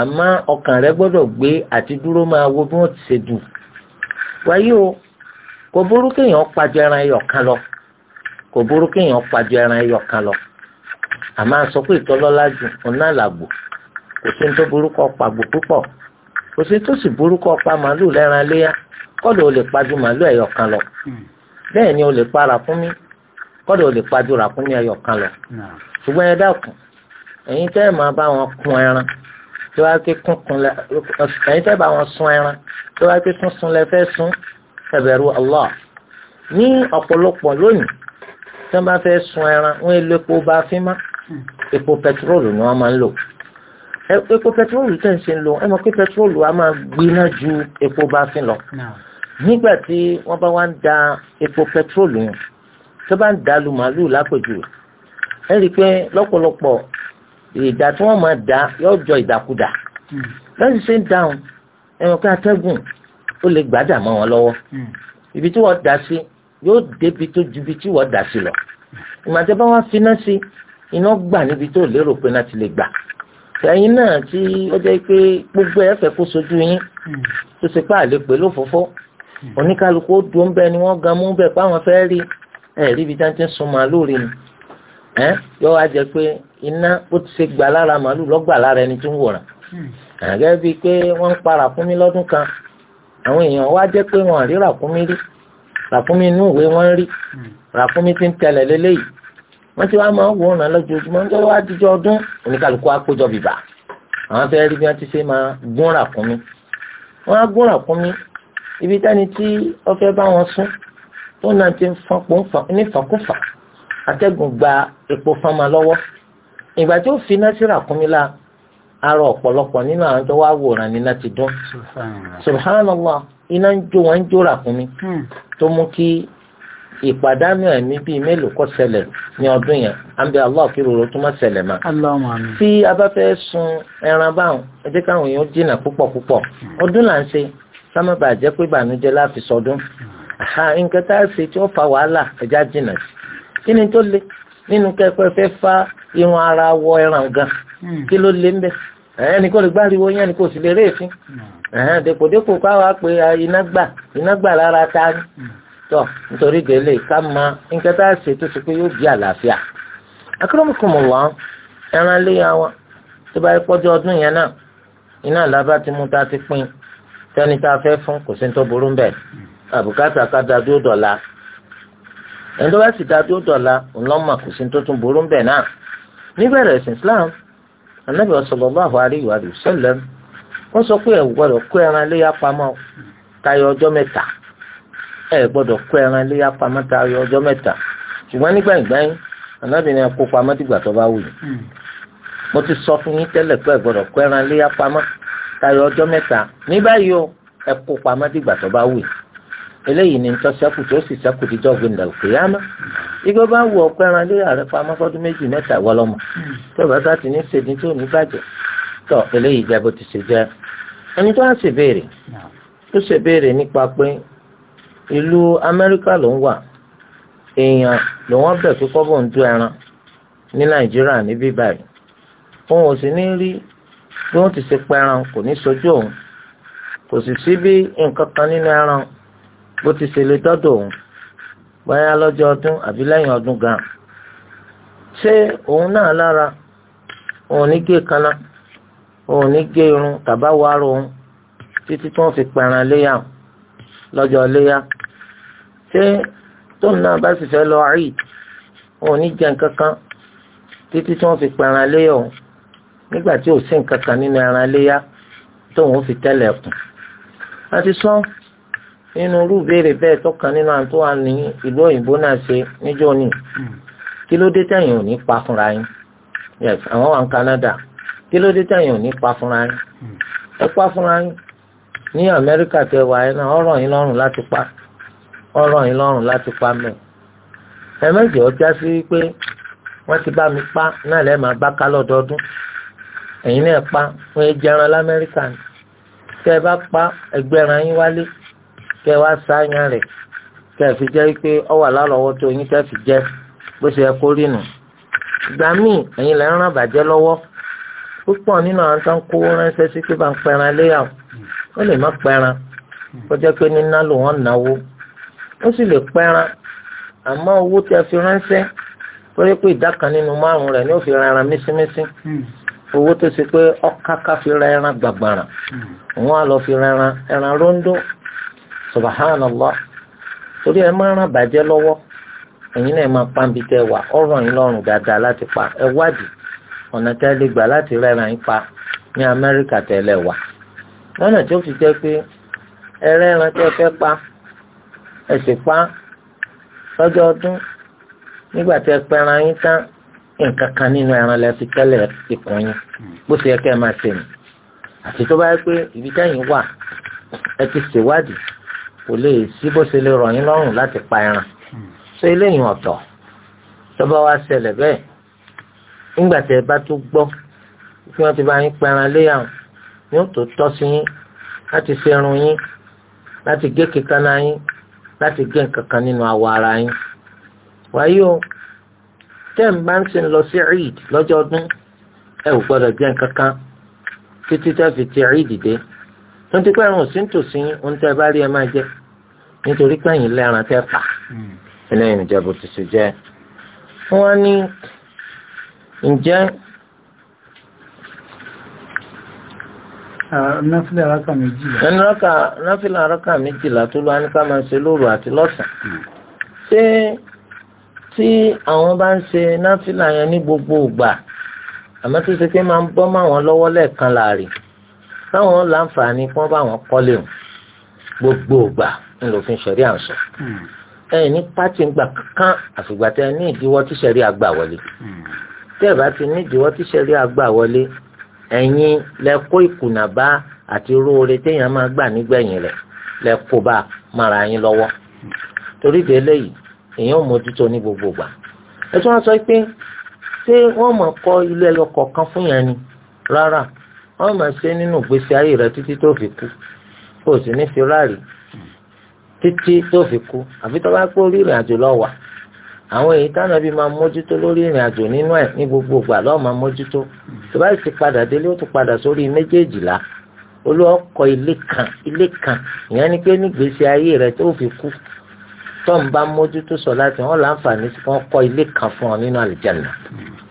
àmọ́ ọkàn rẹ gbọ́dọ̀ gbé àti dúró máa wo bí wọ́n ti ṣe dùn wáyé o kò burú kéèyàn pàjọ ẹran ẹyọ kan lọ kò burú kéèyàn pàjọ ẹran ẹyọ kan lọ àmọ́ àsọ ìtọ́lọ́lá jù ọ̀nà àlàgbò kò sí ní tó burú kọ pàgbò púpọ̀ kò sí tó sì burúkọ pa màálù lẹ́ran léyà kọ́dọ̀ o lè pàjù màálù ẹ̀yọ̀ kan lọ hmm. bẹ́ẹ̀ ni o lè pa ràkúnmí kọ́dọ̀ o lè pàjù ràkúnmí ẹ̀yọ̀ kan lọ ṣùgbọ́n ẹ dákun ẹ̀yin tẹ́ ẹ̀ máa bá wọn kun ẹran tó wá pé kúnkun lẹ ẹ̀yin tẹ́ bá wọn sun ẹran tó wá pé sunsun lẹ fẹ́ sun ẹ bẹ̀rù Allah ní ọ̀pọ̀lọpọ̀ lónìí tí wọ́n bá fẹ́ sun ẹran wọ́n èlò epo bá fi má hmm. epo epo pẹtrólù tẹ̀ ń ṣe lò ẹ mọ̀ pé pẹtrólù a máa gbiná ju epo báfin lọ nígbà tí wọ́n bá wá ń da epo pẹtrólù yẹn tó bá ń da lu màálù lápèjúwe ẹ rí i pé lọ́pọ̀lọpọ̀ ìdá tí wọ́n máa dá yóò jọ ìdàkudà lẹ́yìn hmm. ṣe ń dáhùn ẹ mọ̀ pé atẹ́gùn ó lè gbádà mọ́ wọn lọ́wọ́ hmm. ibi tí wọ́n dá sí yóò débi tó ju ibi tí wọ́n dá sí lọ ìmọ̀tẹ́ bá wá finá sí iná gbà níbi tó lérò pé náà ti lè gbà ẹ̀yin náà tí ó jẹ́ pé gbogbo ẹ̀fẹ̀ kó sojú yín hmm. tó ṣe pé àlè pẹ̀lú òfófó hmm. oníkálukú dùn bẹ́ẹ̀ ni wọ́n gan mú bẹ́ẹ̀ páwọn fẹ́ rí ẹ̀rí ibi tí wọ́n ti ń sun màálù rí ni ẹ yọ wá jẹ pé iná ó ti ṣe gbà lára màálù lọ́gbà lára ẹni tó ń wòran àgẹ́ hmm. bíi pé wọ́n ń pa ràkúnmí lọ́dún kan àwọn èèyàn wá jẹ́ pé wọ́n rí ràkúnmí rí ràkúnmí inú ìwé wọ́n rí ràkúnmí ti ń tẹ̀lẹ̀ lélẹ́yìí wọ́n ti wá máa ń wòran lójoojúmọ́ ń tọ́wọ́ àdìjọ ọdún oníkàlùkù àpéjọ bìbà àwọn fẹ́ rí bí wọ́n ti ṣe máa gún ràkúnmí wọ́n á gún ràkúnmí ibi tẹ́ni tí wọ́n fẹ́ bá wọn sún tó náà ti ń fọ́npọ̀ nífọ̀kúfà atẹ́gùn gba epo fọ́nmà lọ́wọ́ ìgbà tí ó fi iná sí ràkúnmí la arọ ọ̀pọ̀lọpọ̀ nínú àwọn tó wá wòran níná ti dún subhanallah iná ń jó wọn ń jó ràkúnmí hmm. tó mú kí ìpàdánù ẹ̀mí bíi mélòó kọ́ ṣẹlẹ̀ ní ọdún yẹn à ń bẹ Allah kí roro tó má ṣẹlẹ̀ mà. tí a bá fẹ́ sun ẹran báwọn ẹ jẹ́ káwọn èèyàn jìnnà púpọ̀ púpọ̀ ọdún là ń ṣe sámẹ́bà jẹ́ pé ìbànújẹ́ láfi sọdún nǹkan tá a ṣe tí ó fa wàhálà ẹja jìnnà sí kí ni tó le nínú kẹ́kọ̀ọ́ fẹ́ fa irun ara wọ ẹran gan hmm. kí ló le ń bẹ ẹni kò lè gbáriwo yẹn ni kò sì lè réèfín hmm. dèpòdépò káwa pé iná gbà iná gbà lára ta ni. Hmm. tọ nítorí gbèlè ká ma nketa tá a ṣe tó ṣe pé yóò àlàáfíà wa tó bá pọ́jọ́ ọdún yẹn náà iná àlábá ti mú tá ti pín tẹ́ni tá a fẹ́ fún kò sí tó burú bẹ́ẹ̀ àbùkátà ká da dúró dọ̀la ẹni tó bá sì da dúró kò sí tó tún burú náà Islam sọ ẹ gbọ́dọ̀ kó ẹran ilé apamọ́ ta ayọ ọjọ́ mẹ́ta ṣùgbọ́n nígbà ìgbàyìn anábìnrin ẹ̀kọ́ pamọ́ dìgbà tó bá wù yìí hmm. mo ti sọ fún yín tẹ́lẹ̀ pé ẹ gbọ́dọ̀ kó ẹran ilé apamọ́ ta ayọ ọjọ́ mẹ́ta ní báyìí o ẹ̀kọ́ pamọ́ dìgbà tó bá wù yìí eléyìí ni nǹkan sẹ́kù tó sì sẹ́kù díjọ́ gbẹ̀ndà òkèèyàmá hmm. igbó bá wù ọ̀pẹ́ ẹran ilé ààrẹ pamọ́ fọ́dún méjì mẹ́ta wọlọ́mọ hmm. tó bá sá ti ní ṣèdí tó ní bàjẹ́ tó eléyìí jẹ́ bó ti ṣe jẹ́ ẹni tó á ṣèbéèrè tó ṣèbéèrè nípa pé ìlú amẹ́ríkà ló ń wà èèyàn ló wọ́n bẹ̀ pé kọ́bọ̀ ń du ẹran ní nàìjíríà níbí báyìí òun ò sì ní rí bí wọ́n ti ṣe pẹran kò ní sojú òun kò sì sí bí nǹkan kan nínú ẹran bó ti ṣe lè dọ́dọ̀ òun báyà lọ́jọ́ ọdún àbí lẹ́yìn ọdún gan ṣé òun náà lára òun ní gé kaná òun ní gé irun tàbá wàá ro òun títí tí wọ́n fi pẹran léyà lọ́jọ́ léyà ṣé tóun náà bá sì fẹ́ lọ rí òun ní jẹun kankan títí tí wọ́n fi pa ẹran léyà òun nígbà tí ò sí nǹkan kan nínú ẹran léyà tóun fi tẹ́lẹ̀ kùn àti sọ nínú irú ìbéèrè bẹ́ẹ̀ tọ́kan nínú àwọn tó wà ní ìlú òyìnbó náà ṣe níjọ́ ni kí ló dé tẹ̀yìn ò ní pa fúnra yín yes àwọn wà ní Canada kí ló dé tẹ̀yìn ò ní pa fúnra yín ẹ pa fúnra yín ní Amẹ́ríkà tẹ wà yín náà ọ̀rọ̀ yín lọ́rùn láti pa wọ́n rọ̀ yín lọ́rùn láti pa mẹ́ ẹ méjì ọjà sí pé wọ́n ti bá mi pa náà lẹ́ẹ̀ máa bá ká lọ́dọọdún ẹ̀yin náà pa wọ́n yẹ jẹran lamẹ́ríkà ni kẹ́ ẹ bá pa ẹgbẹ́ran yín wálé kẹ́ ẹ wá sáyàn rẹ̀ kẹ́ ẹ fi jẹ́ pé ọ wà lálọ́wọ́ tó yín kẹ́ ẹ fi jẹ́ bó ṣe yẹ kó rí nù ìgbà míì ẹ̀yin lẹ́ ń ràn bàjẹ́ lọ́wọ́ púpọ̀ nínú àwọn tó ń kówó ránṣẹ́ sí pé bá ń pẹran léyàwó wọ́n lè má pẹran kó jẹ́ pé níná ló náwó ó sì lè pẹ́ran àmọ́ owó tí a fi ránṣẹ́ torí pé ìdá kan nínú márùn rẹ̀ ni ó fi ra ẹran mísímísí hmm. owó tó ṣe pé ọ̀káká fi ra ẹran gbàgbàrà hmm. wọ́n á lọ fi ra ẹran ẹran róńdó subhanallah torí ẹ máa ràn bàjẹ́ lọ́wọ́ ẹ̀yin náà máa pa níbi tẹ wà ọ̀rọ̀ yín lọ́rùn dáadáa láti pa ẹ wádìí ọ̀nà tẹ́ lè gbà láti rẹ́ran yín pa ní amẹ́ríkà tẹ́lẹ̀ wà lọ́nà tó fi jẹ́ pé tẹ́ fẹ́ pa ẹ sì pa lọ́jọ́ ọdún nígbà tí ẹ pẹran yín tán nǹkan kan nínú ẹran lẹ fi tẹ́lẹ̀ ikùn yín bó ṣe yẹ kẹ́ ẹ máa ṣe nù àti tó bá yẹ pé ibi tẹ́yìn wà ẹ ti ṣèwádìí kò lè sí bó ṣe lè rọ̀ yín lọ́rùn láti pa ẹran ṣé eléyìí ọ̀tọ̀ tó bá wá ṣẹlẹ̀ bẹ́ẹ̀ nígbà tí ẹ bá tó gbọ́ tí wọ́n ti bá yín pẹran léyàwó ni ó tó tọ́ sí yín láti ṣerun yín láti gé kíkaná yín láti gé kankan nínú awọ ara yín wàyí o tẹ́m bá ń sin lọ sí eid lọ́jọ́ ọdún ẹ ò gbọ́dọ̀ gé kankan títí tẹ́ fi ti eid dé tó ń ti pẹ́ ẹ̀rùn síntòsí ohun tẹ́ bá rí ẹ máa jẹ nítorí pé lẹ́ran tẹ́ fà ẹlẹ́yìn ìjẹ́bù tuntun jẹ́ wọ́n ní ǹjẹ́. náfìlà rákà méjìlá. ẹnu náfìlà rákà méjìlá tó bá ní ká máa ṣe lóru àti lọ́sàn-án. ṣé tí àwọn bá ń ṣe náfìlà yẹn ní gbogbo ìgbà àmọ́ tó ṣe pé máa ń bọ́ máwọn lọ́wọ́ lẹ́ẹ̀kan láàrin táwọn láǹfààní kí wọ́n bá wọn kọ́lé wọn gbogbo ìgbà ńlòfin ṣẹ̀rí à ń sọ hmm. ẹ̀yìn ní pátì ń gbà kankan àfìgbà tẹ ní ìdíwọ́ tíṣẹ̀rí àgbà wọlé hmm. tẹ́ẹ̀ bá ti ní ìdíwọ́ tíṣẹ̀rí àgbà wọlé ẹ̀yin lẹ kó ìkùnà bá àti róore téèyàn máa gbà nígbẹ̀yìn rẹ̀ lẹ kó bá mara yín lọ́wọ́ torí de eléyìí èèyàn ò mójútó ní gbogbo gbà ẹ tún wá sọ pé ṣé wọn mọ̀ kọ́ ilé ẹyọ kọ̀ọ̀kan fún yẹn ni rárá wọ́n mọ̀ ṣe nínú gbèsè ayé rẹ títí tó fi kú kò sì ní fi títí tó fi kú àfi tó bá pé orí ìrìn àjò lọ wà àwọn èyí táwọn ẹbí máa mójútó lórí ìrìn àjò nínú ẹ̀ ní gbogbo ìgbà lọ́ọ́ máa mójútó tó bá sì padà délé ó tún padà sórí méjèèjìlá olóò ilé kan ilé kan ìyẹn ni pé nígbèésí ayé rẹ tó fi kú tó ń bá mójútó sọ láti wọn láǹfààní sí wọn kọ́ ilé kan fún ọ nínú àlùjánnà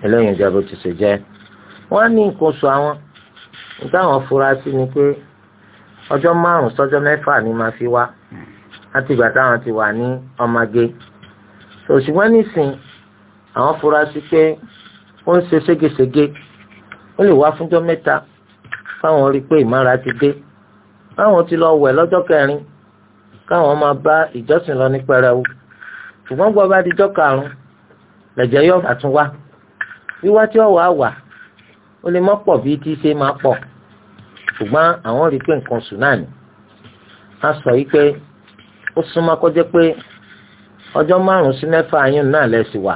ẹlẹ́yìn ìjọba ti ṣe jẹ́ wọ́n ní nǹkan oṣù àwọn táwọn fura ni pé ọjọ́ márùn-ún sọ́jọ́ mẹ́fà ni máa fi wá láti ìgbà táwọn ti wà ní ọmọge ṣùgbọ́n nísìn àwọn fura sí pé ó ń ṣe ségesège ó lè wá fúnjọ́ mẹ́ta fáwọn rí i pé ìmára ti dé káwọn ti lọ wẹ̀ lọ́jọ́ kẹrin káwọn máa bá ìjọsìn lọ ní pẹrẹwu ṣùgbọ́n gbọ́ bá dijọ́ karùn-ún lẹ̀jẹ̀ yóò bá tún wá wíwá tí ọ̀wà wà ó lè mọ́ pọ̀ bí tí ṣe máa pọ̀ ṣùgbọ́n àwọn rí i pé nǹkan sùn náà ni a sọ yìí pé ó súnmọ́ kó pé ọjọ́ márùn-ún sí mẹ́fà yín náà lẹ́sì wà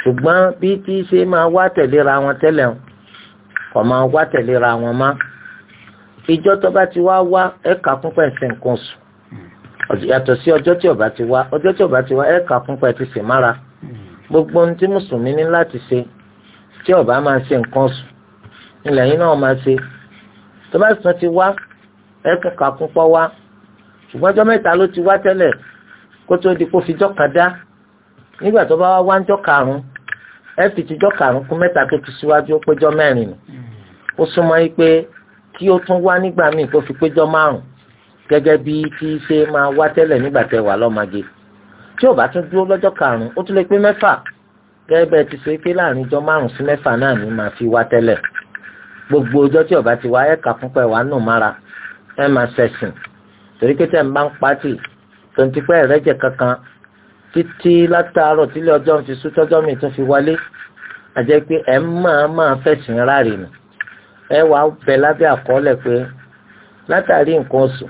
ṣùgbọ́n bí tí ṣe máa wá tẹ̀léra wọn tẹ́lẹ̀ kò máa wá tẹ̀léra wọn má ìjọ tó bá ti wá wá ẹ̀ka kún pẹ̀ sí nǹkan sùn yàtọ̀ sí ọjọ́ tí ó bá ti wá ọjọ́ tí ó bá ti wá ẹ̀ka kún pẹ̀ ti sì mára gbogbo ohun tí mùsùlùmí ní láti ṣe tí ó máa ṣe nǹkan sùn ilẹ̀ yín náà máa ṣe tó bá sùn ti wá ẹ̀ka kún pọ̀ wá ṣùgbọ́n ọjọ́ mẹ́ta ló ti wá tẹ́lẹ̀ kó tó di kó fi jọ́ka dá nígbà tó bá wá ń jọ́ka àrùn ẹ fi ti jọ́ka àrùn kún mẹ́ta tó ti síwájú ó péjọ́ mẹ́rin nù ó súnmọ́ yí pé kí ó tún wá nígbà míì kó fi péjọ́ márùn gẹ́gẹ́ bí tí ṣe máa wá tẹ́lẹ̀ nígbà tẹ wà tí ò bá tún dúró lọ́jọ́ karùn-ún ó tún lè pé ti ṣe pé láàrin márùn sí mẹ́fà náà ni màá fi wá tẹ́lẹ̀ gbogbo ọjọ́ tí ọba ti wá ẹ̀ka fúnpẹ́ nù mára máa ṣẹ̀sìn torí tonti pé ẹ̀rẹ́jẹ̀ kankan títí látàárọ̀ tílé ọjọ́ ti sún tọ́jọ́ mi tún fi wálé àjẹ́ pé ẹ̀ máa máa fẹ̀sìn ráre nù ẹ wà bẹ lábẹ́ àkọọ́lẹ̀ pé látàrí nǹkan oṣù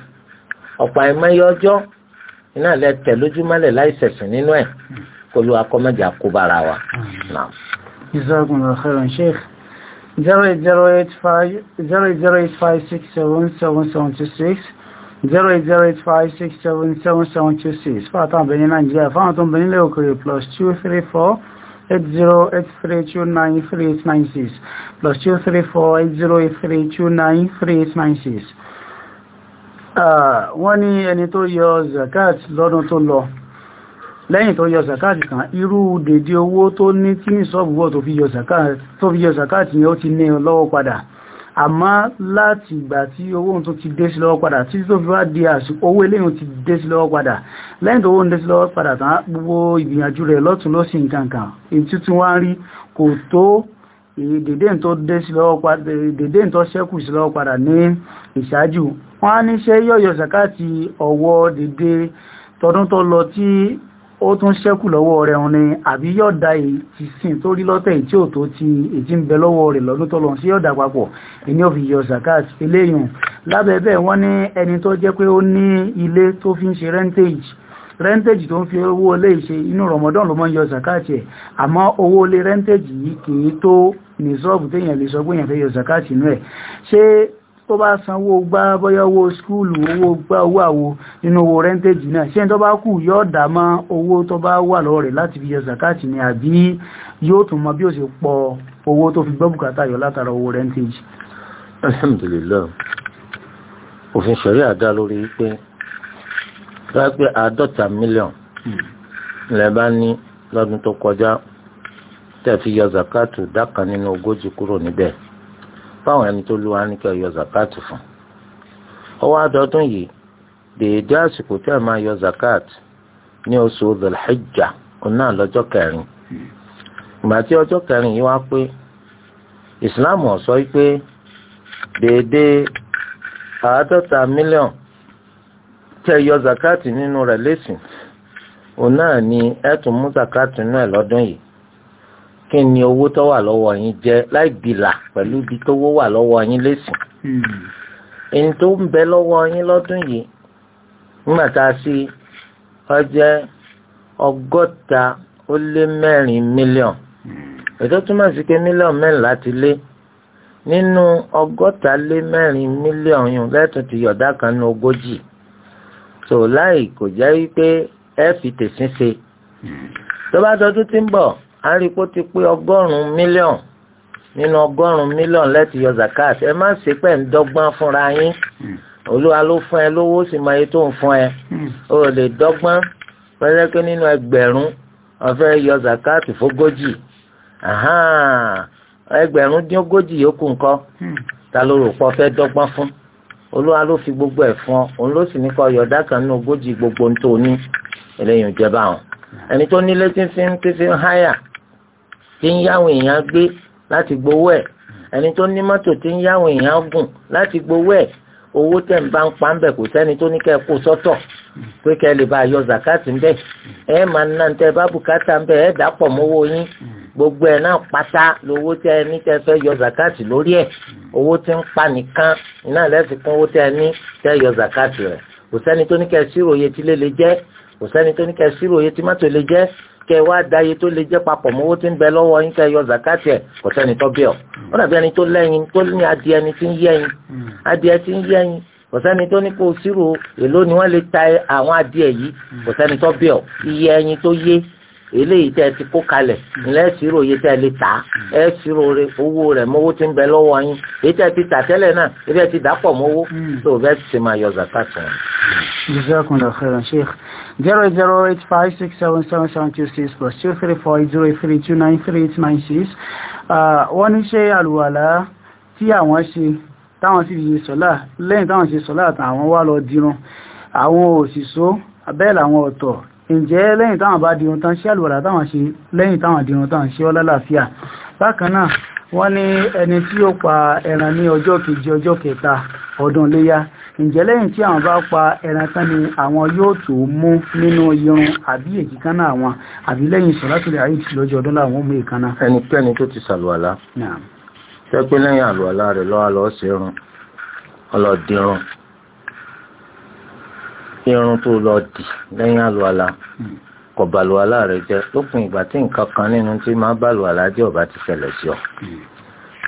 ọ̀pọ̀ àìmọye ọjọ́ iná lẹ tẹ̀ lójúmọ́lẹ̀ láì ṣẹ̀sìn nínú ẹ̀ kó lu akọ́mọ̀jà kó bára wa. ìṣègùn ọ̀hẹ́rọ̀ ṣe zero eight zero eight five zero eight zero eight five six seven seven seventy six zero eight zero eight five six seven seven seven two six fáwọn tó ń bẹ ní nàìjíríà nílẹ̀ òkèrè plus two three four eight zero eight three two nine three eight nine six plus two three four eight zero eight three two nine three eight nine six. Ah, wọ́n ní ẹni tó yọ zakat lọ́dún tó lọ lẹ́yìn tó yọ zakat kan irú dèdè owó tó ní tí ní sọ́ọ̀bù tó fi yọ zakat yẹn ó ti ní lọ́wọ́ padà àmá láti ìgbà tí owó tó ti dé sí lọ́wọ́ padà tí tó fi wá di àsìkò owó eléyìn ti dé sí lọ́wọ́ padà lẹ́yìn tó owó ń dé sí lọ́wọ́ padà tán gbogbo ìgbìyànjú rẹ̀ lọ́tún lọ́sìn nǹkan kan èyí tuntun wá ń rí kò tó dèdè tó dé sí lọ́wọ́ padà ní ìṣáájú wọ́n á ní ṣe sàkáàtì ọ̀wọ́ dèdè tọdún tó lọ tí ó tún ṣẹ́kù lọ́wọ́ rẹ̀ òun ni àbí yọ̀dà èyí sìn tó rí lọ́tẹ̀ tí ò tó ti èyí ń bẹ lọ́wọ́ rẹ̀ lọ́dún tó lọ sí yọ̀dà papọ̀ ìní òfi yọ zakat eléyùn lábẹ́ wọ́n ní ẹni tó jẹ́ pé ó ní ilé tó fi ń ṣe rentage rentage tó ń fi owó ilé ṣe inú Ramadan ló mọ́ yọ zakat ẹ̀ àmọ́ owó ilé rentage yìí kì í tó nìṣọ́ọ̀bù téèyàn lè sọ pé èèyàn fẹ́ yọ zakat inú ẹ̀ ṣé tó bá sanwó gbá bọ́yá owó skúlù owó gbá owó àwo nínú owó rẹ́ntẹ́jì náà ṣe tó bá kù yóò dámá owó tó bá wà lọ rẹ̀ láti fi yọ zakati ni àbí yóò tún mọ bí ó ṣe pọ̀ owó tó fi gbọ́ yọ látara owó rẹ́ntẹ́jì alhamdulillah òfin ṣẹ̀rí àdá lórí wípé lápẹ́ àádọ́ta mílíọ̀n lẹ́bá ní lọ́dún yọ zakatu dákan nínú ogójì kúrò níbẹ̀ fáwọn ẹni tó lúwa ní kí ẹ yọ zakat fún ọwọ́ àdọ́dún yìí dèédé àsìkò tí a máa yọ zakat ní oṣù Dhul-Hijjah náà lọ́jọ́ kẹrin ìgbà tí ọjọ́ kẹrin yìí wá pé Islam ó sọ pé dèédé àádọ́ta mílíọ̀n tẹ yọ zakat nínú rẹ̀ lẹ́sìn òun ni ẹ tún mú zakat nínú ẹ̀ lọ́dún yìí kí ni owó tó wà lọ́wọ́ yín jẹ́ láì bìlà pẹ̀lú ibi tówó wà lọ́wọ́ yín lẹ́sìn ẹni tó ń bẹ lọ́wọ́ yín lọ́dún yìí nígbà tá a sí ọ jẹ́ ọgọ́ta ó lé mẹ́rin mílíọ̀n ètò túmọ̀ sí pé mílíọ̀n mẹ́rin láti lé nínú ọgọ́ta lé mẹ́rin mílíọ̀n yìí lẹ́tùn ti yọ̀dá kan ní ogójì tó láì kò jẹ́ wípé ẹ fi tèsín ṣe tó bá dọdún tí ń bọ̀ a rí i pé ó ti pé ọgọ́rùn-ún mílíọ̀nù nínú ọgọ́rùn-ún mílíọ̀nù lẹ́tì yọ zakat ẹ má ṣe pẹ́ ń dọ́gbọ́n fúnra yín hmm. olúwa ló fún ẹ lówó sì máa yẹ tó ń fún ẹ hmm. o lè dọ́gbọ́n pẹ́lẹ́ pé nínú ẹgbẹ̀rún ó fẹ́ yọ zakat fógójì ẹgbẹ̀rún dín ogójì yòókù ńkọ́ hmm. ta ló rò pọ̀ fẹ́ dọ́gbọ́n fún olúwa ló fi gbogbo ẹ̀ fún ọ òun ló sì ní kọ́ yọ̀dá kan nínú ogójì gbogbo ń tó ní eléyìí ò jẹ́ báwọn ẹni tó nílé tí ń fi ń háyà tí ń yáwọn èèyàn gbé láti gbowó ẹ̀ ẹni tó ní mọ́tò tí ń yáwọn èèyàn gùn láti gbowó ẹ̀ owó tẹ̀ ń bá ń pa ń bẹ̀ kò sẹ́ni tó ní kẹ́ kó sọ́tọ̀ pé kẹ́ lè bá yọ zakati ń bẹ̀ ẹ máa ná tẹ bá bùkátà ń bẹ̀ ẹ dàpọ̀ mọ́wọ́ yín gbogbo ẹ̀ náà pátá lówó tẹ ẹ ní tẹ fẹ́ yọ zakati lórí ẹ̀ owó tí ń pa nìkan náà lẹ́sìn kún owó tẹ ẹ ní tẹ yọ zakati rẹ̀ kò sẹ́ni tó ní kẹ́ síròye tí lé le jẹ́ kò sẹ́ni tó ní kẹ́ síròye tí mọ́tò le jẹ́ kẹ wá dáyé tó lè jẹ́ papọ̀ mówó tí ń bẹ lọ́wọ́ yín kẹ yọ zakati ẹ̀ kò sẹ́ni tó bíọ̀ ó dàbí ẹni tó lẹ́yìn tó ní adìẹ ni tí ń yẹ́yìn hmm. adìẹ tí ń yẹ́yìn kò sẹ́ni tó ní kó ṣírò èló ni wọ́n lè ta àwọn adìẹ yìí kò sẹ́ni tó bíọ̀ iye ẹyin tó yé eléyìí tẹ́ ẹ ti kó kalẹ̀ ńlẹ́ ṣírò iye tẹ́ ẹ lè tà á ẹ ṣírò owó rẹ̀ mọ́wó tí ń bẹ lọ́wọ́ yín èyí tẹ́ ẹ ti tà tẹ́lẹ̀ náà ebi ẹ ti dàpọ̀ mọ́wó tó hmm. o bẹ́ẹ̀ máa yọ zakat wọn. jazakumullah khairan sheikh zero eight zero eight five six seven seven seven two six plus two three four zero eight three two nine three eight nine six uh, wọ́n ní ṣe àlùwàlá tí àwọn ṣe táwọn sì ṣe sọ́lá lẹ́yìn táwọn ṣe sọ́lá àtàwọn wá lọ dirun àwọn òṣìṣó abẹ́ẹ̀ làwọn ọ̀tọ̀ ǹjẹ́ lẹ́yìn táwọn bá dirun tán ṣé àlùwàlá táwọn ṣe lẹ́yìn táwọn dirun tán ṣé ọlálàáfíà bákan wọ́n ní ẹni tí ó pa ẹran ní ọjọ́ kejì ọjọ́ kẹta ọdún léyá ǹjẹ́ lẹ́yìn tí àwọn bá pa ẹran tán ni àwọn yóò tó mú nínú irun àbí èjìkánná àwọn àbí lẹ́yìn sọ̀látùlẹ̀ ayé ti lọ́jọ́ ọdún láwọn mú èkánná. ẹnikẹ́ni irun tó lọ dì lẹ́yìn àlùwàlà hmm. kò bàlùwàlà rẹ jẹ́ lópin ìgbà tí nǹkan kan nínú tí máa bàlùwàlà jẹ́ ọba ti ṣẹlẹ̀ sí ọ hmm.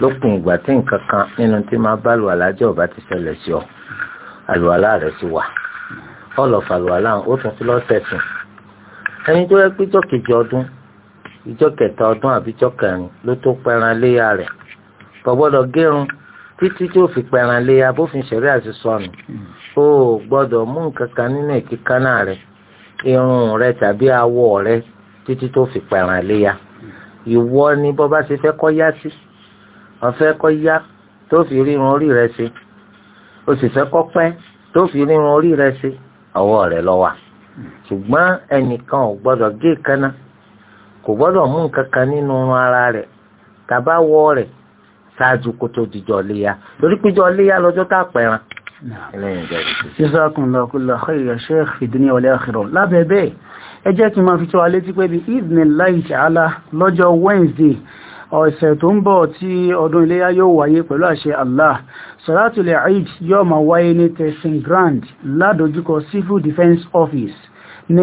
lópin ìgbà tí nǹkan kan nínú tí máa bàlùwàlà jẹ́ ọba ti ṣẹlẹ̀ sí ọ àlùwàlà rẹ ti wà ọlọfà hmm. àlùwàlà ó tún ti lọ sẹsìn ẹni tó yẹ pé ìjọ ọdún ìjọ kẹta ọdún àbí ìjọ kẹrin ló tó pẹran léyà rẹ kò gbọ́dọ̀ gérun títí tí ó fi pẹran léyà bófin ṣẹlẹ̀ àti sọnù. o gbọdọ mú nǹkan kan nínú ètíkánná rẹ irun rẹ tàbí awọ rẹ títí tó fi pẹ̀ràn léya ìwọ ni bó bá ṣe fẹ́ kọ́ yá sí ọ̀fẹ́ kọ́ yá tó fi rírun orí rẹ ṣe o sì fẹ́ kọ́ pẹ́ tó fi rírun orí rẹ ṣe ọwọ́ rẹ lọ́wọ́ ṣùgbọ́n ẹnìkan ò gbọ́dọ̀ gé kaná kò gbọ́dọ̀ mú nǹkan kan nínú ara rẹ tàbá wọ rẹ ṣáájú kó tó dijọ́ léya torí pé jọ́ léya lọ́jọ́ tá a pẹ̀ràn jazakumullahu khairan sheikh fi dunya wal akhirah lábẹ́ bẹ́ẹ̀ ẹ jẹ́ kí n máa fi tó wa létí pé bí idhnillahi ta'ala lọ́jọ́ wednesday ọ̀sẹ̀ tó ń bọ̀ tí ọdún iléyá yóò wáyé pẹ̀lú àṣẹ allah sọ́látùlẹ̀ eid yóò máa wáyé ní tẹ̀sán grand ládojúkọ civil defence office ní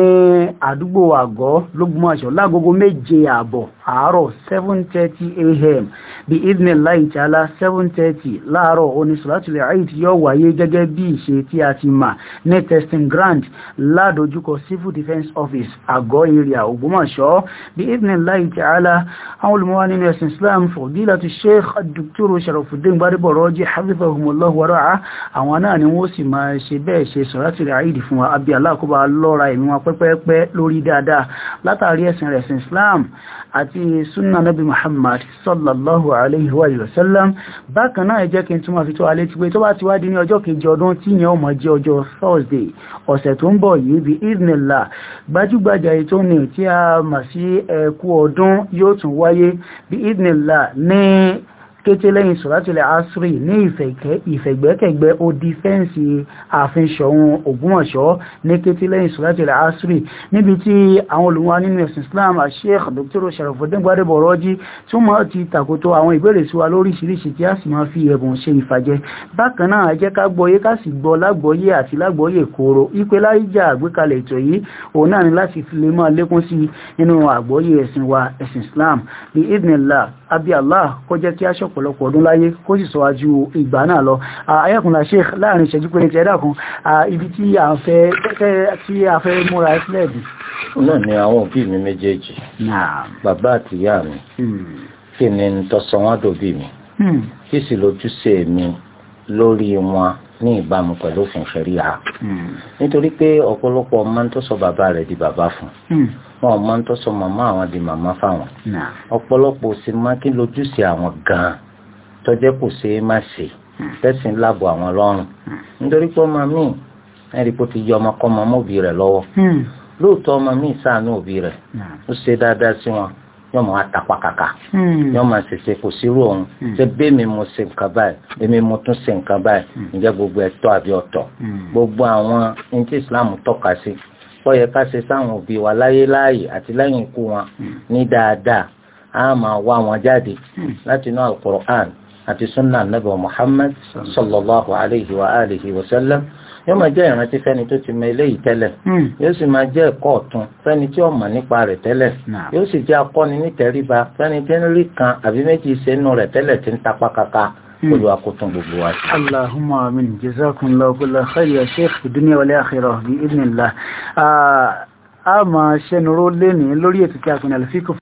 àdúgbò àgọ́ lógbómọ̀ṣọ́ lágogo méje àbọ̀ àárọ̀ seven thirty a.m. bí idina láìjàlá seven thirty láàárọ̀ oníṣòlátìlẹ̀ aid yóò wáyé gẹ́gẹ́ bí ìṣe tí a ti mà ní testing grant ládojúkọ civil defence office àgọ́ area ògbómọ̀ṣọ́ bí idina láìjàlá àwọn olùmọ̀wá nínú ẹ̀sìn islam fòdílàtú sheikh dùkúrò sharafuddin gbadebo rọ́jí hafizahumullahu wara'a àwọn náà ni wọ́n sì máa ṣe bẹ́ẹ̀ ṣe sọ̀rọ̀ àtìlẹ̀ aid fún wa abiyalá kó bá lọ́ra ẹ̀mí wọn pẹ́pẹ́pẹ́ lórí dáadáa látàrí ẹ̀sìn rẹ̀ sin Islam àti sunna nabi Muhammad sallallahu alayhi wa sallam bákan náà ẹ jẹ́ kí n túnmọ̀ fi tó alé ti pé tó bá ti wá di ní ọjọ́ kejì ọdún tí yẹn ó mọ̀ jẹ́ ọjọ́ Thursday ọ̀sẹ̀ tó ń bọ̀ yìí bí ìrìnlá gbajúgbajà ètò ní tí a mà sí ẹkú ọdún yóò tún wáyé bí ìrìnlá ní kété lẹ́yìn sọ̀rọ̀tìlẹ̀ asiri ní ìfẹ̀gbẹ́kẹ̀gbẹ́ ó di fẹ́ǹsì ààfin ṣọ̀ún ògbómọ̀ṣọ́ ní kété lẹ́yìn sọ̀rọ̀tìlẹ̀ asiri níbi tí àwọn olùwà nínú ẹ̀sìn islam sheikh dr sharafuddin gbadebo rọ́jí tí wọ́n ti tàkótó àwọn ìbéèrè sí wa lóríṣiríṣi tí a sì máa fi ẹ̀bùn ṣe ìfàjẹ́ bákan náà ẹ jẹ́ ká gbọ́yé ká sì gbọ́ lágbọ́yé àti lágbọ́yé kóró ipe láyíjà àgbékalẹ̀ ètò yìí òun náà ni láti fi lè máa lékún sí nínú àgbọ́yé ẹ̀sìn wa ẹ̀sìn islam bí idnillah abi allah kó jẹ́ kí aṣọ́k ọ̀pọ̀lọpọ̀ ọdún láyé kó sì sọ́wájú ìgbà náà lọ ayẹ́kùnlá sheikh láàrin ìṣẹ́jú pé ti ẹ̀dà kan ibi tí a fẹ́ tí a fẹ́ múra sílẹ̀ dì. náà ni àwọn òbí mi méjèèjì bàbá àti ìyá mi hmm. kí ni tọ́sán wọn dòbí mi hmm. kí sì lójúṣe mi lórí wọn ní ìbámu pẹ̀lú òfin ṣẹ̀ríà hmm. nítorí pé ọ̀pọ̀lọpọ̀ ọmọ tó sọ bàbá rẹ̀ di bàbá fún wọn ọmọ tó sọ màmá àwọn di màmá fáwọn ọ̀pọ̀lọpọ̀ sì máa kí lójúṣe àwọn gan-an tọ́jẹ́ kò ṣe é má ṣe hmm. tẹ́sí ń lágbo àwọn lọ́rùn hmm. nítorí pé ọmọ mi ẹ̀rí kó ti yọ ọmọkọ́mọ mọ́bí rẹ̀ lọ́wọ́ hmm. lóòótọ́ ọmọ mi ṣàánú òbí rẹ̀ ó ṣe dáadáa sí wọn yóò máa tapa kàkà yóò máa ṣẹṣẹ kò sírú òun ṣe bẹ́ẹ̀mi mo ṣe nǹkan báyìí bẹ́ẹ̀mi mo tún ṣe nǹkan báyìí ǹjẹ́ gbogbo ẹ̀ tọ́ àbí ọ̀tọ̀ gbogbo àwọn ní Islam tọ́ka sí pọ́yẹ ká ṣe sáwọn òbí wa láyé láàyè àti lẹ́yìn ikú wọn ní dáadáa a máa wá wọn jáde látinú Al-Qur'an àti sunna anabi muhammad sallallahu alayhi wa alihi wa sallam yóò máa jẹ́ ìrántí fẹ́ni tó ti mọ eléyìí tẹ́lẹ̀ hmm. yóò sì máa jẹ́ ẹ̀kọ́ ọ̀tún fẹ́ni tí ó mọ̀ nípa rẹ̀ tẹ́lẹ̀ yóò sì jẹ́ akọ́ni nítẹríba fẹ́ni tí ń rí kan àbí méjì sẹ́nu rẹ̀ tẹ́lẹ̀ tí ń tapá kaka hmm. olùwà kó gbogbo wa. allahumma amin jazakumullahu kulla khair ya